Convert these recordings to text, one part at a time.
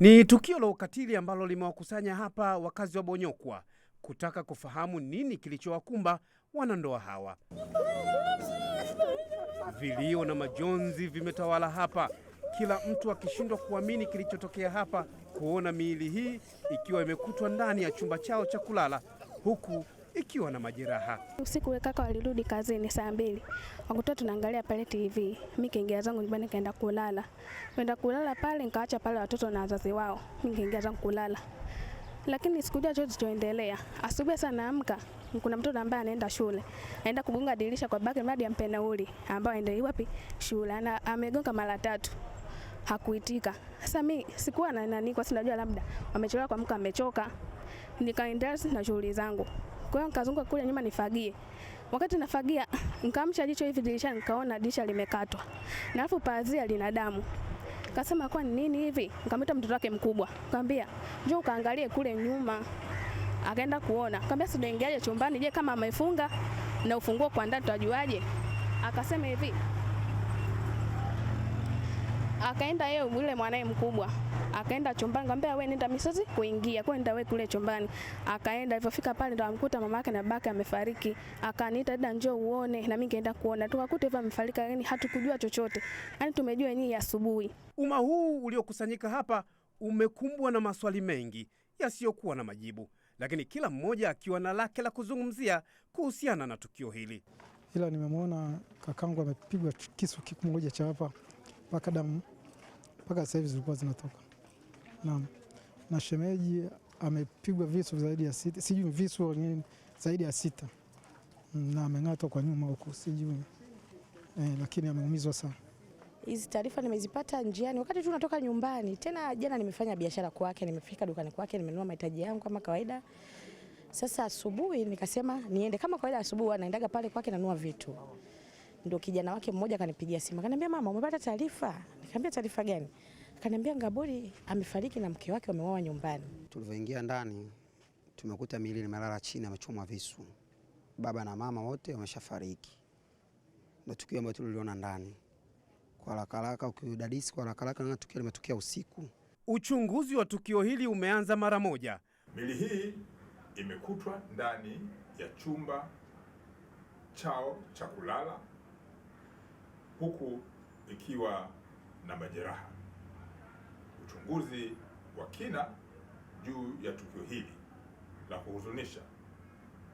Ni tukio la ukatili ambalo limewakusanya hapa wakazi wa Bonyokwa kutaka kufahamu nini kilichowakumba wanandoa hawa. Vilio na majonzi vimetawala hapa, kila mtu akishindwa kuamini kilichotokea hapa, kuona miili hii ikiwa imekutwa ndani ya chumba chao cha kulala, huku ikiwa na majeraha. Usiku we kaka walirudi kazini saa mbili, wakutoa tunaangalia pale TV. Mimi kaingia zangu nyumbani kaenda kulala, kaenda kulala pale nikaacha pale watoto na wazazi wao, mimi kaingia zangu kulala, lakini sikujua chochote kilichoendelea. Asubuhi sana naamka kuna mtoto ambaye anaenda shule anaenda kugonga dirisha kwa baki mradi ampe nauli ambayo aende wapi shule, ana amegonga mara tatu hakuitika. Sasa mimi sikuwa na nani, kwa sababu najua labda wamechelewa kuamka, amechoka. Nikaendelea na shughuli zangu. Kwa hiyo nikazunguka kule nyuma nifagie. Wakati nafagia, nikaamsha jicho hivi dirishani nikaona dirisha limekatwa. Na alafu pazia lina damu. Kasema kwa nini hivi? Nikamwita mtoto wake mkubwa. Nikamwambia, "Njoo ukaangalie kule nyuma." Akaenda kuona. Nikamwambia, "Sidoingiaje chumbani? Je, kama amefunga na ufunguo kwa ndani tutajuaje?" Akasema hivi, akaenda yeye yule mwanae mkubwa akaenda chumbani, nikamwambia wewe nenda misozi kuingia, kwa nenda wewe kule chumbani. Akaenda alipofika pale ndo amkuta mama yake na babake amefariki. Akaniita, dada, njoo uone, na mimi nikaenda kuona, tukakuta hivyo amefariki, yani hatukujua chochote, yani tumejua yenyewe asubuhi. Umma huu uliokusanyika hapa umekumbwa na maswali mengi yasiyokuwa na majibu, lakini kila mmoja akiwa na lake la kuzungumzia kuhusiana na tukio hili, ila nimemwona kakangu amepigwa kisu kimoja cha hapa mpaka damu mpaka sasa hivi zilikuwa zinatoka. Naam, na shemeji amepigwa visu zaidi ya sita, sijui visu zaidi ya sita na ameng'atwa kwa nyuma huko sijui eh, lakini ameumizwa sana. Hizi taarifa nimezipata njiani wakati tu natoka nyumbani. Tena jana nimefanya biashara kwake, nimefika dukani kwake, nimenunua mahitaji yangu kama kawaida. Sasa asubuhi nikasema niende kama kawaida, asubuhi anaendaga pale kwake nanua vitu ndio kijana wake mmoja akanipigia simu akaniambia, mama, umepata taarifa? Nikamwambia, taarifa gani? Akaniambia, Ngabori amefariki na mke wake wameuawa nyumbani. Tulivyoingia ndani tumekuta miili imelala chini, amechomwa visu, baba na mama wote wameshafariki. Ndio tukio ambalo tuliona ndani kwa haraka haraka, ukidadisi kwa haraka haraka, na tukio limetokea usiku. Uchunguzi wa tukio hili umeanza mara moja. Mili hii imekutwa ndani ya chumba chao cha kulala huku ikiwa na majeraha. Uchunguzi wa kina juu ya tukio hili la kuhuzunisha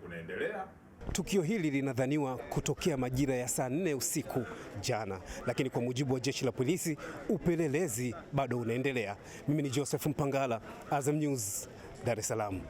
unaendelea. Tukio hili linadhaniwa kutokea majira ya saa nne usiku jana, lakini kwa mujibu wa jeshi la polisi upelelezi bado unaendelea. Mimi ni Joseph Mpangala, Azam News, Dar es Salaam.